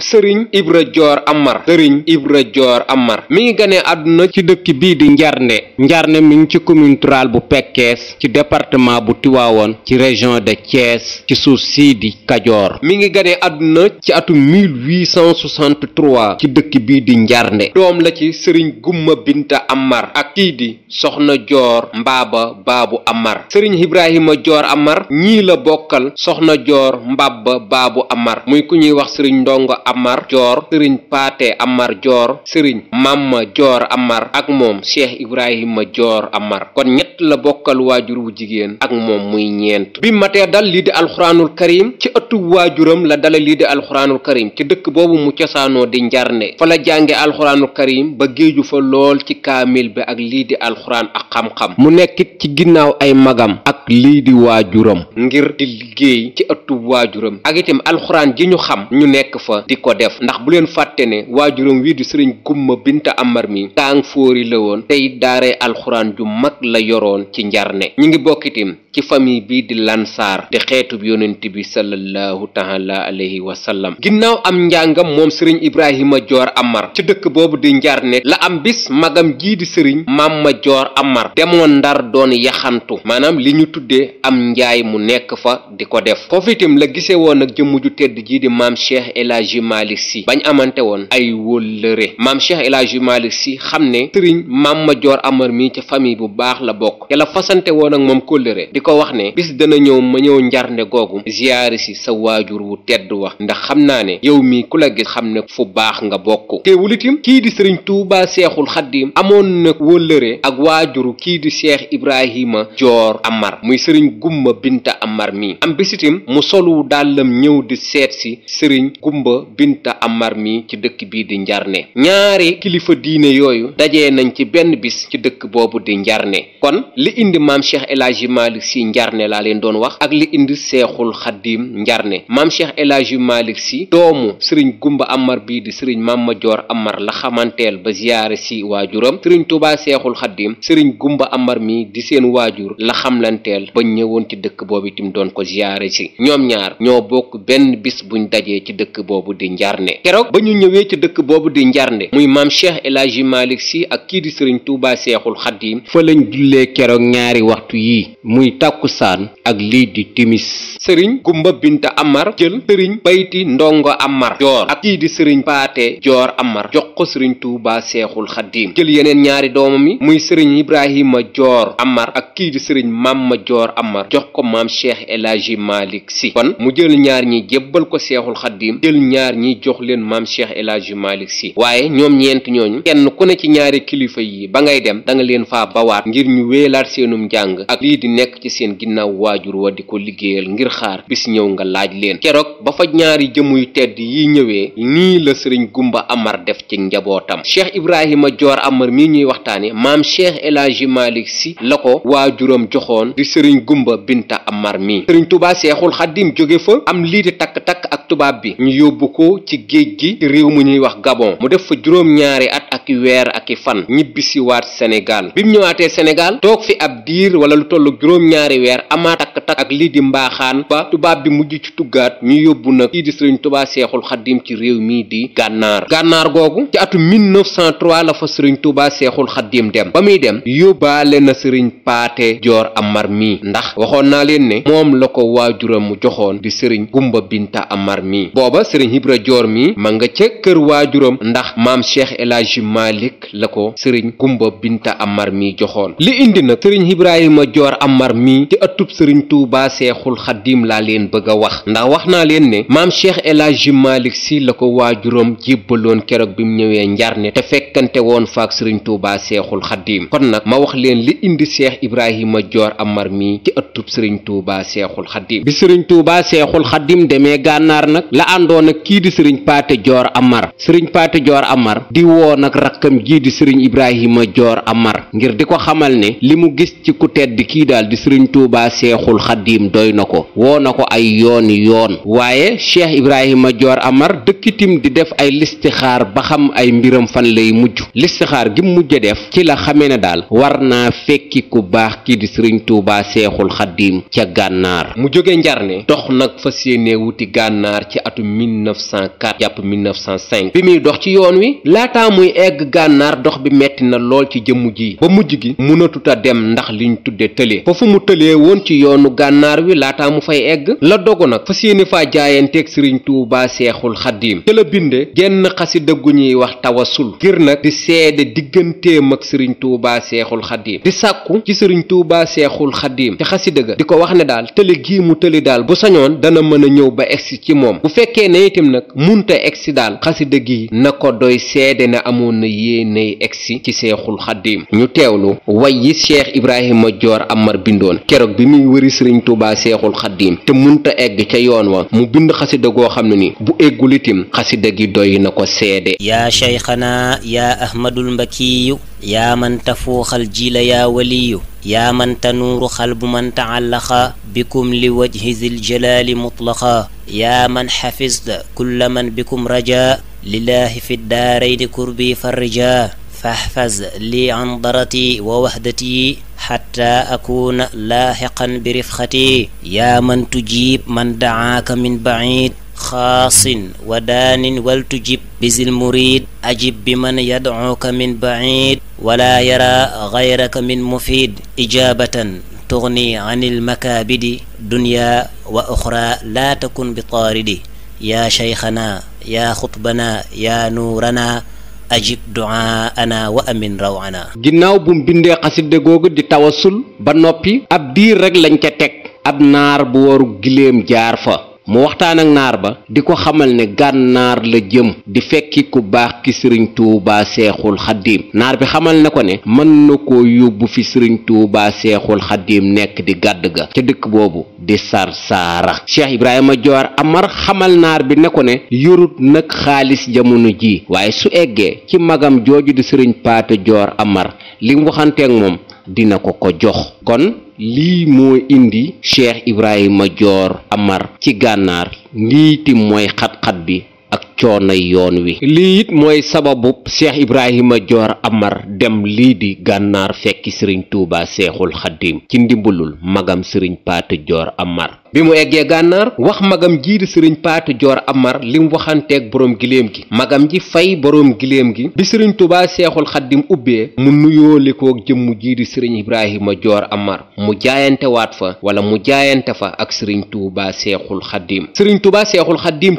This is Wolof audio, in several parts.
sëriñ ibra jor amar sëriñ ibra joor amar mi ngi gane àdduna ci dëkk bii di njarnde njarnde mi ngi ci commune rurale bu pekkees ci département bu tiwaawoon ci région de Thiès ci suuf sii di kajoor mi ngi gane àdduna ci atum 1863 ci dëkk bii di njarnde doom la ci sëriñ gumma binta amar ak kii di soxna joor mbaaba baabu amar sëriñ ibrahima joor amar ñii la bokkal soxna joor mbaaba baabu amar muy ku ñuy wax sëriñ ndongo Amar Dior sëriñ Paate Amar Dior sëriñ Mamma joor Amar ak moom Cheikh Ibrahima joor Amar kon ñett la bokkal waajur wu jigéen ak moom muy ñeent bi matee dal lii di alxuraanul karim ci ëttub waajuram la dala lii di alxuraanul karim ci dëkk boobu mu cosaanoo di njarne fa la jànge alxuraanul karim ba géeju fa lool ci kaamil bi ak lii di alxuraan ak xam-xam mu nekkit ci ginnaaw ay magam ak lii di waajuram ngir di liggéey ci ëttub waajuram ak itam alxuraan ko def ndax bu leen fàtte ne waajuram wii di sëriñ gumma binta amar mi taang fóori la woon tey daare alxuraan ju mag la yoroon ci njarne ñu ngi bokkitim ci famille bii di lansaar di xeetub yonent bi sallallahu taala alayhi wa sallam ginnaaw am njàngam moom sëriñ ibrahima joor amar ci dëkk boobu di njarnet la am bis magam jii di sëriñ maam ma joor amar demoon ndar doon yaxantu maanaam li ñu tuddee am njaay mu nekk fa di ko def foofu itam la gisee woon ak jëmm ju tedd jii di maam cheikh El Hadji si bañ amante woon ay wóllëre maam cheikh El Hadji Malick xam ne sëriñ maam ma joor amar mii ci famille bu baax la bokk ko wax ne bis dana ñëw ma ñëw njarnde googu ziyaari si sa waajur wu tedd wax ndax xam naa ne yow mi ku la gis xam ne fu baax nga bokk teewul itam kii di sëriñ tuubaa seexul xaddim amoon na wëllëre ak waajuru kii di seex ibrahima joor amar muy sëriñ gumba binta amar mi am bis itam mu solu dàllam ñëw di seet si sëriñ gumba binta amar mi ci dëkk bii di njarne ñaari kilifa diine yooyu dajee nañ ci benn bis ci dëkk boobu di njarne kon li indi maam cheikh si njarne laa leen doon wax ak li indi seexul xaddiim njarne maam cheikh El Hadji Malick si doomu sëriñ gumba amar bii di sëriñ maam Madior amar la xamanteel ba ziyaare si waajuram sëriñ tubaa seexul xaddiim sëriñ gumba amar mii di seen waajur la xamlanteel ba ñëwoon ci dëkk boobu itam doon ko ziyaare si ñoom ñaar ñoo bokk benn bis buñ dajee ci dëkk boobu di njarne keroog ba ñu ñëwee ci dëkk boobu di njarne muy maam cheikh El Hadji si ak kii di sëriñ tuubaa seexul xaddiim tàkkusaan ak lii di timis sëriñ gumba binta amar jël sëriñ bayti ndongo amar joor ak kii di sëriñ paate joor amar jox ko sëriñ tuuba seexul xaddiim jël yeneen ñaari doomam yi muy sëriñ ibrahima joor amar ak kii di sëriñ mamma joor amar jox ko maam cheikh elaaji malik si kon mu jël ñaar ñi jébbal ko seexul xaddiim jël ñaar ñi jox leen maam cheikh elaaji malik si waaye ñoom ñeent ñooñu kenn ku ne ci ñaari kilifa yi ba ngay dem danga leen faa bawaat ngir ñu wéelaat seen ginnaaw waajur wa di ko liggéeyal ngir xaar bis ñëw nga laaj leen keroog ba fa ñaari jëmm yu tedd yi ñëwee nii la sëriñ Gumba Amar def ci njabootam Cheikh Ibrahima joor Amar mi ñuy waxtaane maam Cheikh El Hadji si la ko waa juróom joxoon di sëriñ Gumba Binta Amar mi sëriñ Touba Seexul Xaddim jóge fa am lii di takk-takk ak tubaab bi ñu yóbbu ko ci géej gi ci réew mu ñuy wax Gabon mu def fa juróom-ñaari at ak weer ak i fan ñibbisi waat Sénégal bi mu ñëwaatee Sénégal toog fi ab diir wala lu tollu juróom-ñaari weer amaat takk-takk ak yóbbu nag kii di sëriñ tubaa seexul xaddim ci réew mii di gànnaar gànnaar googu ci atu 1903 la fa sëriñ tubaa seexul xaddim dem ba muy dem yóbbaale na sëriñ paate joor amar mii ndax waxoon naa leen ne moom la ko waajuram mu joxoon di sëriñ gumba binta amar mii booba sëriñ ibra joor mii ma nga ca kër waajuram ndax maam cheikh El Hadji Malick la ko sëriñ gumba binta amar mii joxoon li indi nag sëriñ ibrahima joor amar mii ci atub sëriñ tuubaa seexul xaddim laa leen bëgg a wax leen ne maam Cheikh El Hadji Malick si la ko waajuram jébbaloon keroog bi mu ñëwee njar njarne te fekkante woon faak sëriñ Touba Seexul Xaddiim kon nag ma wax leen li indi Cheikh Ibrahima joor Amar mi ci ëttub sëriñ Touba Seexul Xaddiim bi sëriñ Touba Seexul Xaddiim demee gànnaar nag la àndoon ak kii di sëriñ Paate joor Amar sëriñ Paate joor Amar di woo nag rakkam jii di sëriñ Ibrahima joor Amar ngir di ko xamal ne li mu gis ci ku tedd kii daal di sëriñ Touba Seexul Xaddiim doy na ko woo na ko ay yooni waaye cheikh ibrahima joor amar dëkkitim di def ay listixaar ba xam ay mbiram fan lay mujj listixaar gi mujj def ci la xamee ne daal war naa fekki ku baax kii di sëriñ tuubaa seexul xaddiim ca gànnaar mu jóge njarne dox nag fas yéene wuti gànnaar ci atum 1904 jàpp 1905 bi muy dox ci yoon wi laataa muy egg gànnaar dox bi metti na lool ci jëmm ji ba mujj gi mënatuta dem ndax liñ tudde tële foofu mu tëlee woon ci yoonu gànnaar wi laataa mu fay egg la dogu nag fas yéene jaayanteeg sëriñ tuubaa seexul xaddiim ca la binde genn xasida gu ñuy wax tawasul ngir nag di seede digganteem ak sëriñ tuubaa seexul xaddiim di sàkku ci sëriñ tuubaa seexul xaddiim ci xasida ga di ko wax ne daal tëli gii mu tëli daal bu sañoon dana mën a ñëw ba egsi ci moom bu fekkee ne itam nag munta egsi daal xasida gi na ko doy seede ne amoon na yéeney egsi ci seexul xaddiim ñu teewlu way yi cheikh ibrahima joor amar bindoon keroog bi muy wëri sëriñ tuubaa seexul xaddiim te munta egg ca yoon wa mu bind xasida goo xam ne ni bu eggul itim xasida gi doy na ko seede yaa cheyxanaa yaa ahmadul mbakiyu yaa man tafuuxal jiila yaa waliyu yaa man tanuuru xalbu man taallaqa bikum li wajhi zil jalaali mutlaqa yaa man xafista kulla man bikum raja lilaahi fi daarayni kurbi farrija fahfaz li andarati wa wahdati xatta akuuna laaxiqan bi rifxati yaa man tujib man dacaaka min bacid xaasin wa daanin wal tujib bizil murid ajib bi man yadcuuka min bacid wala yara gayraka min mufid ijaabatan tugni an ilmakaabidi dunya wa oxra laa takun bi taaridi yaa sheyxanaa yaa xutbanaa yaa nuuranaa ajib duaana wa amin rawana ginnaaw bu mu bindee xaside googu di tawasul ba noppi ab diir rek lañ ca teg ab naar bu waru giléem jaar fa mu waxtaan ak naar ba di ko xamal ne gànnaar la jëm di fekki ku baax ki sëriñ tuuba seexul xaddiim naar bi xamal na ko ne mën na ko yóbbu fi sëriñ tuuba seexul xaddiim nekk di gàdd ga ca dëkk boobu di sarsaara cheikh ibrahima joor amar xamal naar bi ne ko ne yorut nag xaalis jamono ji waaye su eggee ci magam jooju di sëriñ paate joor amar li mu waxanteeg moom dina ko ko jox kon lii moo indi Cheikh Ibrahima joor Amar ci gànnaar lii mooy xat-xat bi ak coonoy yoon wi lii it mooy sababub cheikh ibrahima joor amar dem lii di gànnaar fekki sëriñ tuuba seexul xaddiim ci ndimbalul magam sëriñ paate joor amar bi mu eggee gànnaar wax magam jii di sëriñ paate joor amar lim waxanteeg boroom giléem gi magam ji fay boroom giléem gi bi sëriñ tuuba seexul xaddiim ubbee mu ko jëmm jii di sëriñ ibrahima joor amar mu jaayante waat fa wala mu jaayante fa ak sëriñ tuuba seexul xaddiim sëriñ tuuba seexul xaddiim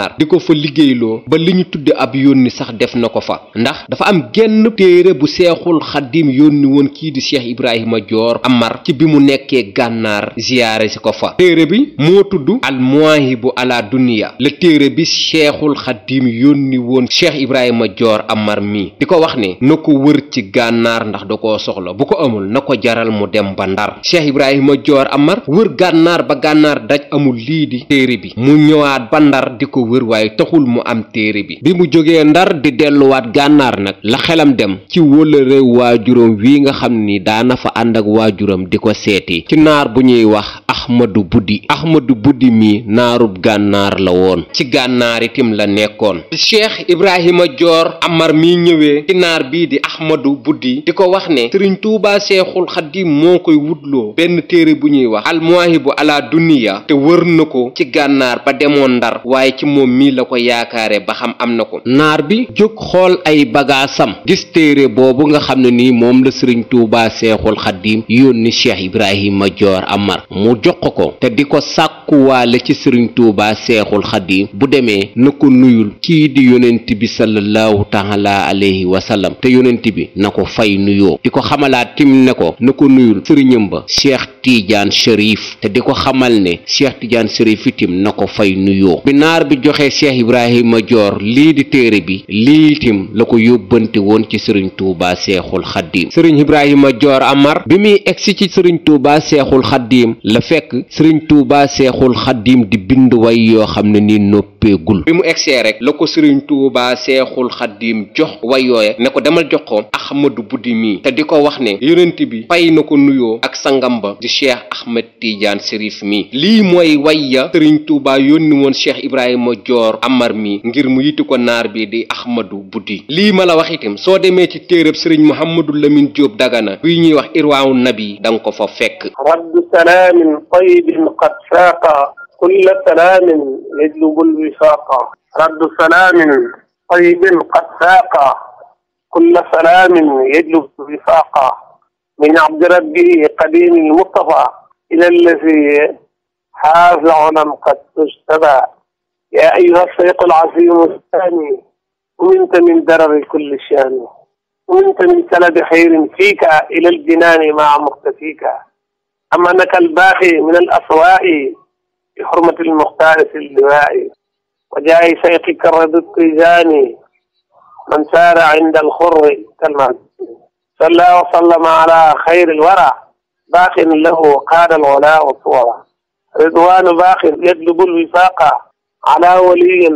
gànnaar di ko fa liggéeyloo ba li ñu tudde ab yónni sax def na ko fa ndax dafa am genn téere bu seexul xaddim yónni woon kii di cheikh ibrahima joor amar ci bi mu nekkee gànnaar ziyaare si ko fa téere bi moo tudd al bu alaa duniya la téere bi seexul xaddim yónni woon cheikh ibrahima joor amar mii di ko wax ne na ko wër ci gànnaar ndax da ko soxla bu ko amul na ko jaral mu dem ba ndar cheikh ibrahima joor amar wër gànnaar ba gànnaar daj amul lii di téere wër waaye taxul mu am téere bi bi mu jógee ndar di delluwaat gànnaar nag la xelam dem ci wóllëre waajuram wi nga xam ni daana fa ànd ak waajuram di ko seeti ci naar bu ñuy wax ahmadu buddi ahmadu buddi mi naarub gànnaar la woon ci gànnaar itam la nekkoon cheikh ibrahima joor amar mi ñëwee ci naar bii di ahmadu buddi di ko wax ne sëriñ tuubaa seexul xaddim moo koy wutloo benn téere bu ñuy wax bu ala duniya te wër na ko ci gànnaar ba demoon ndar waaye ci moom mii la ko yaakaare ba xam am na ko naar bi jóg xool ay bagaasam gis téere boobu nga xam ne nii moom la sëriñ tuuba seexul xaddim yónni cheikh ibrahima joor jox ko te di ko sàkkuwaale ci sëriñ tuuba seexul xadim bu demee na ko nuyul kii di yonent bi sallallahu taala alayhi wa sallam te yonent bi na ko fay nuyoo di ko xamalaat tim ne ko na ko nuyul sëriñam ba cheikh tiijaan chérif te di ko xamal ne cheikh tiijaan chérif itim na ko fay nuyoo bi naar bi joxe cheikh ibrahima joor lii di téere bi lii itim la ko yóbbante woon ci sëriñ tuuba seexul xadim sëriñ ibrahima joor amar bi muy egsi ci sëriñ tuuba seexul sëriñ tuuba seexul xaddiim di bind way yoo xam ne ni noppi uppeegul bi mu egsee rek la ko sëriñ tuubaa seexul xaddiim jox way yooye ne ko demal jox ko ahmadu buddi mii te di ko wax ne yonent bi fay na ko nuyoo ak sangam ba di cheikh ahmed tidiane sérif mii lii mooy way ya sëriñ tuubaa yónni woon cheikh ibrahima joor amar mii ngir mu yitti ko naar bi di ahmadu buddi lii ma la wax itam soo demee ci téereb sëriñ muhammadu lamin jóob dagana bii ñuy wax irwaawu nabi da nga ko fa fekk rabbi salaamin tayyibin qad faaqa كل سلام يجلب الوفاق رد سلام طيب قد ساق كل سلام يجلب الوفاق من عبد ربه قديم المصطفى إلى الذي حاز علم قد اجتبى يا أيها الشيق العظيم الثاني وانت من درر كل شان وانت من كلب خير فيك إلى الجنان مع مختفيك أما أنك الباقي من الأسواء بحرمة المختار في اللواء وجاء شيخي كرد التيجاني من سار عند الخر كالمهد صلى وسلم على خير الورى باق له قاد الغلا والصورة رضوان باق يجلب الوفاق على ولي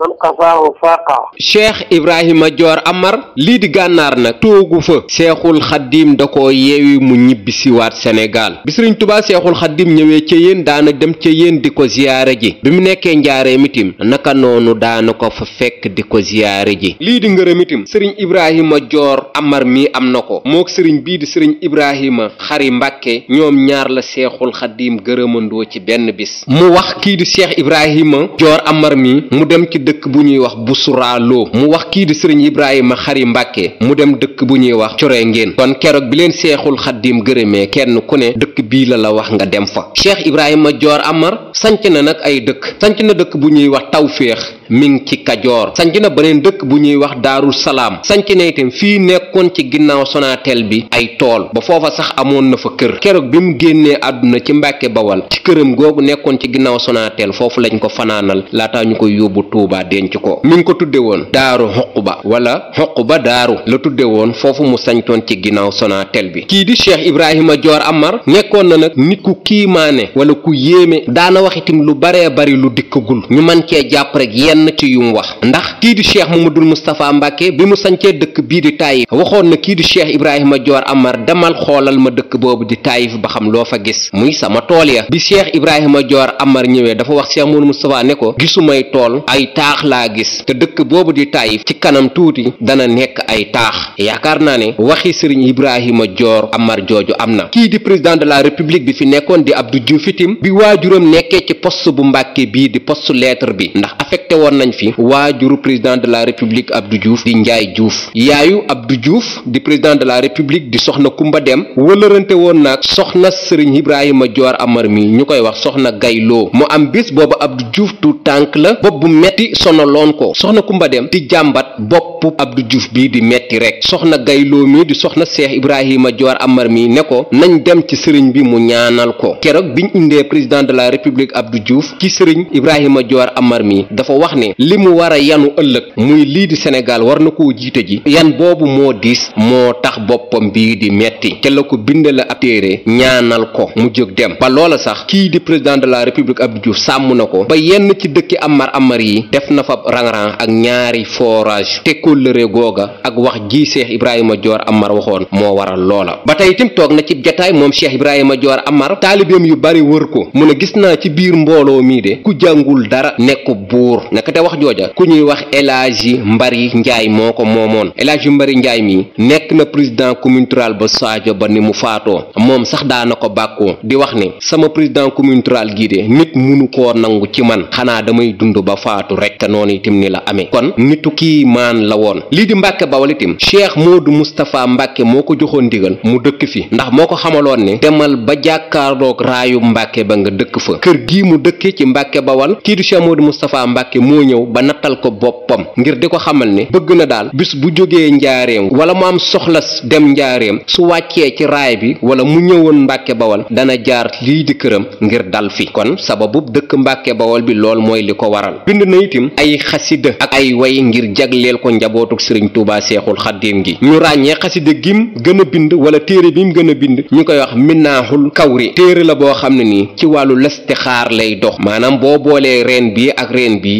man qafaahu faaqa cheikh ibrahima joor amar lii di gànnaar nag toogu fa seexul xaddiim da ko yeewi mu ñibbisi waat sénégal bi sëriñ tubaa seexul xaddiim ñëwee ca yéen daana dem ca yéen di ko ziyaare ji bi mu nekkee njaaree mitim naka noonu daana ko fa fekk di ko ziyaare ji lii di ngërëm itim sëriñ ibrahima joor amar mi am na ko mook sëriñ bii di sëriñ ibrahima xari mbàkke ñoom ñaar la seexul xaddiim gërëmandoo ci benn bis mu wax kii di cheikh ibrahima joor amar mi mu dëkk bu ñuy wax bu Lo mu wax kii di sëriñ Ibrahima Xari Mbàkke mu dem dëkk bu ñuy wax Coré Ngéen kon keroog bi leen seexul xaddim gërëmee kenn ku ne dëkk bii la la wax nga dem fa Cheikh Ibrahima joor Amar sanc na nag ay dëkk sanc na dëkk bu ñuy wax Tawféex mi ci kajoor sanc na beneen dëkk bu ñuy wax daarul salaam sanc na itam fii nekkoon ci ginnaaw sonaateel bi ay tool ba foofa sax amoon na fa kër keroog bi mu génnee àdduna ci mbàkke bawal ci këram googu nekkoon ci ginnaaw sonaateel foofu lañ ko fanaanal laataa ñu koy yóbbu tuubaa denc ko mi ko tudde woon daaru xoquba wala ba daaru la tudde woon foofu mu sancoon ci ginnaaw sonaateel bi kii di cheikh ibrahima joor amar nekkoon na nag nit ku kiimaane wala ku yéeme daana wax itam lu baree bari lu dikkagul ñu man cee jàpp rek yenn lenn ci yum wax ndax kii di cheikh mamadul moustapha mbàkke bi mu sancee dëkk bii di taayif waxoon na kii di cheikh ibrahima joor amar demal xoolal ma dëkk boobu di taayif ba xam loo fa gis muy sama tool ya bi cheikh ibrahima joor amar ñëwee dafa wax cheikh mamadul moustapha ne ko gisumay tool ay taax laa gis te dëkk boobu di taayif ci kanam tuuti dana nekk ay taax yaakaar naa ne waxi sëriñ ibrahima joor amar jooju am na kii di président de la république bi fi nekkoon di abdou diouf itim bi waajuram nekkee ci poste bu mbàkke bii di poste lettre bi ndax affecté teewoon nañ fi waajuru président de la république Abdou Diouf di Njaay Diouf yaayu Abdou juuf di président de la république di soxna Kumba Dem wëlërante woon naag soxna Sëriñ Ibrahima Dior Amar mi ñu koy wax soxna Gayloo mu am bis booba Abdou Diouf tu tànk la bopp bu metti sonaloon ko soxna Kumba Dem di jàmbat bopp Abdou juuf bii di metti rek soxna Gayloo mii di soxna Seex Ibrahima joor Amar mi ne ko nañ dem ci sëriñ bi mu ñaanal ko keroog biñ indee président de la république Abdou Diouf ci sëriñ Ibrahima Dior Amar mi dafa wax ne li mu war a ëllëg muy lii di Sénégal war na koo jiite ji yan boobu moo diis moo tax boppam bii di metti te la ko bind la ab téere ñaanal ko mu jóg dem ba loola sax kii di président de la république ab Diouf sàmm na ko ba yenn ci dëkki amar amar yi def na fa rang-rang ak ñaari forage te kóllëre googa ak wax ji Cheikh Ibrahima Dior Amar waxoon moo waral loola ba tey itam toog na ci jataay moom Cheikh Ibrahima Dior Amar taalibeem yu bari wër ko mu ne gis naa ci biir mbooloo mii de ku jàngul dara nekk buur nag te wax jooja ku ñuy wax El Hadji Mbari Njaay moo ko moomoon El Hadji Mbari Njaay mi nekk na président commune rurale ba Sadio ba ni mu faatoo moom sax daana ko bàkkoo di wax ni sama président commune rurale gii de nit munu koo nangu ci man xanaa damay dund ba faatu rek te noonu itam ni la amee kon nitu kii maan la woon lii di Mbàkke Bawol itam Cheikh Modou Moustapha Mbàkke moo ko joxoon ndigal mu dëkk fi ndax moo ko xamaloon ne demal ba jàkkaarloog raayu Mbàkke ba nga dëkk fa kër gii mu dëkke ci Mbàkke Bawol kii du Cheikh Modou Moustapha Mbàkke moo ñëw ba nattal ko boppam ngir di ko xamal ne bëgg na daal bis bu jógee njaareem wala mu am soxlas dem njaareem su wàccee ci raay bi wala mu ñëwoon mbàkke bawal dana jaar lii di këram ngir dal fi kon sababu dëkk mbàkke bawal bi lool mooy li ko waral bind na itam ay xasida ak ay way ngir jagleel ko njabootuk sëriñ tuubaa seexul xaddiim gi ñu ràññee xasida gim gën a bind wala téere bi mu gën a bind ñu koy wax minnaaxul kawri téere la boo xam ne nii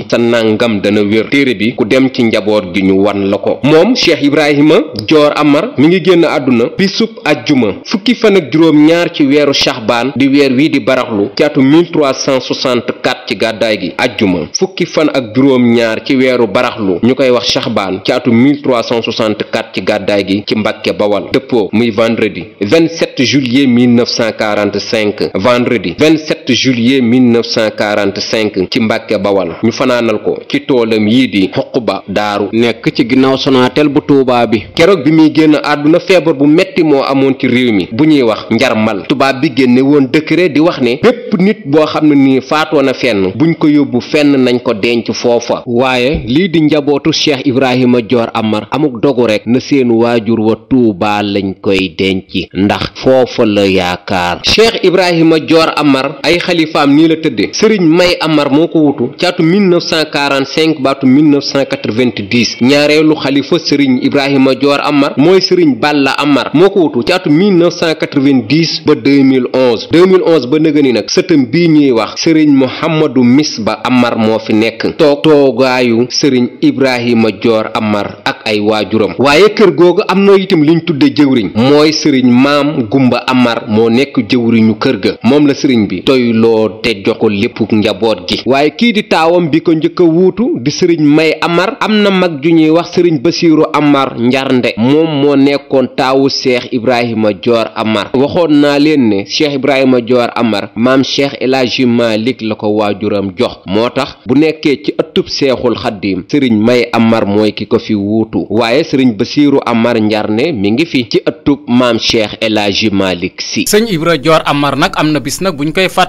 ci nangam dana wér téere bi ku dem ci njaboot gi ñu wan la ko moom cheikh ibrahima joor amar mu ngi génn àdduna bisub ajjuma fukki fan ak juróom ñaar ci weeru shaxbaan di weer wii di baraxlu ci atu 1364 ci gàddaay gi ajjuma fukki fan ak juróom ñaar ci weeru baraxlu ñu koy wax shaxbaan ci atu 1364 ci gàddaay gi ci mbàkke bawal dëppoo muy vendredi 27 juillet 1945 vendredi 27 7 juillet 1945 ci mbàkke bawal ñu fanaanal ko ci toolam yii di xoq ba daaru nekk ci ginnaaw sonatel bu tuubaa bi keroog bi muy génn àdduna feebar bu metti moo amoon ci réew mi bu ñuy wax njarmal tubaab bi génne woon décret di wax ne bépp nit boo xam ne nii faatoon na fenn buñ ko yóbbu fenn nañ ko denc foofa waaye lii di njabootu cheikh ibrahima joor amar amuk dogu rekk na seen waajur wa tuubaa lañ koy denc ndax foofa la yaakaar cheikh ibrahima joor amar ay xalifaam nii la tëddee sëriñ May Amar moo ko wutu ci atum 1945 ba atum 1990 ñaareelu xalifa sëriñ Ibrahima Dior Amar mooy sëriñ Balla Amar moo ko wutu ci atum 1990 ba 2011 2011 ba nëgëni nag sëtam bii ñuy wax sëriñ Mouhamadou ba Amar moo fi nekk toog toogaayu sëriñ Ibrahima joor Amar ak ay waajuram waaye kër googu am na itam ñu tudde jëwriñ mooy sëriñ Maam Gumba Amar moo nekk jëwriñu kër ga moom la sëriñ bi toy doyloo te jox ko lépp njaboot gi waaye kii di taawam bi ko njëkk a wuutu di sëriñ may amar am na mag ju ñuy wax sëriñ basiiru amar njarnde moom moo nekkoon taawu cheikh ibrahima joor amar waxoon naa leen ne cheikh ibrahima joor amar maam cheikh elaaji malik la ko waajuram jox moo tax bu nekkee ci ëttub seexul xaddiim sëriñ may amar mooy ki ko fi wuutu waaye sëriñ basiiru amar njarnde mi ngi fi ci ëttub maam cheikh elaaji malik si sëñ ibra joor amar nag am na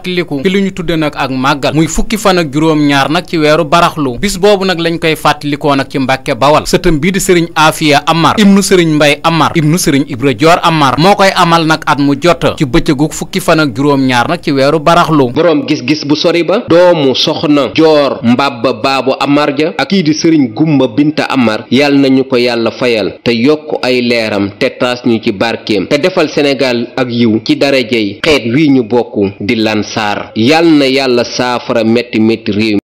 fàttaliku li ñu tudde nag ak màggal muy fukki fan ak nag ci weeru baraxlu bis boobu nag lañ koy fàttalikoo nag ci mbàkke bawal sëtëm bii di sëriñ Afia Amar ibnu sëriñ Mbay Amar ibnu sëriñ Ibra Joor Amar moo koy amal nag at mu jot ci bëccëgu fukki fan ak juróom-ñaar nag ci weeru baraxlu boroom gis-gis bu sori ba doomu soxna joor mbàbba baabu Amar ja ak kii di sëriñ Gumba Binta Amar yàlla nañu ko yàlla fayal te yokk ay leeram te taas ñu ci barkeem te defal Sénégal ak yiw ci darajey xeet wi ñu bokk di lan Sarr yal na yàlla saafara metti metti réew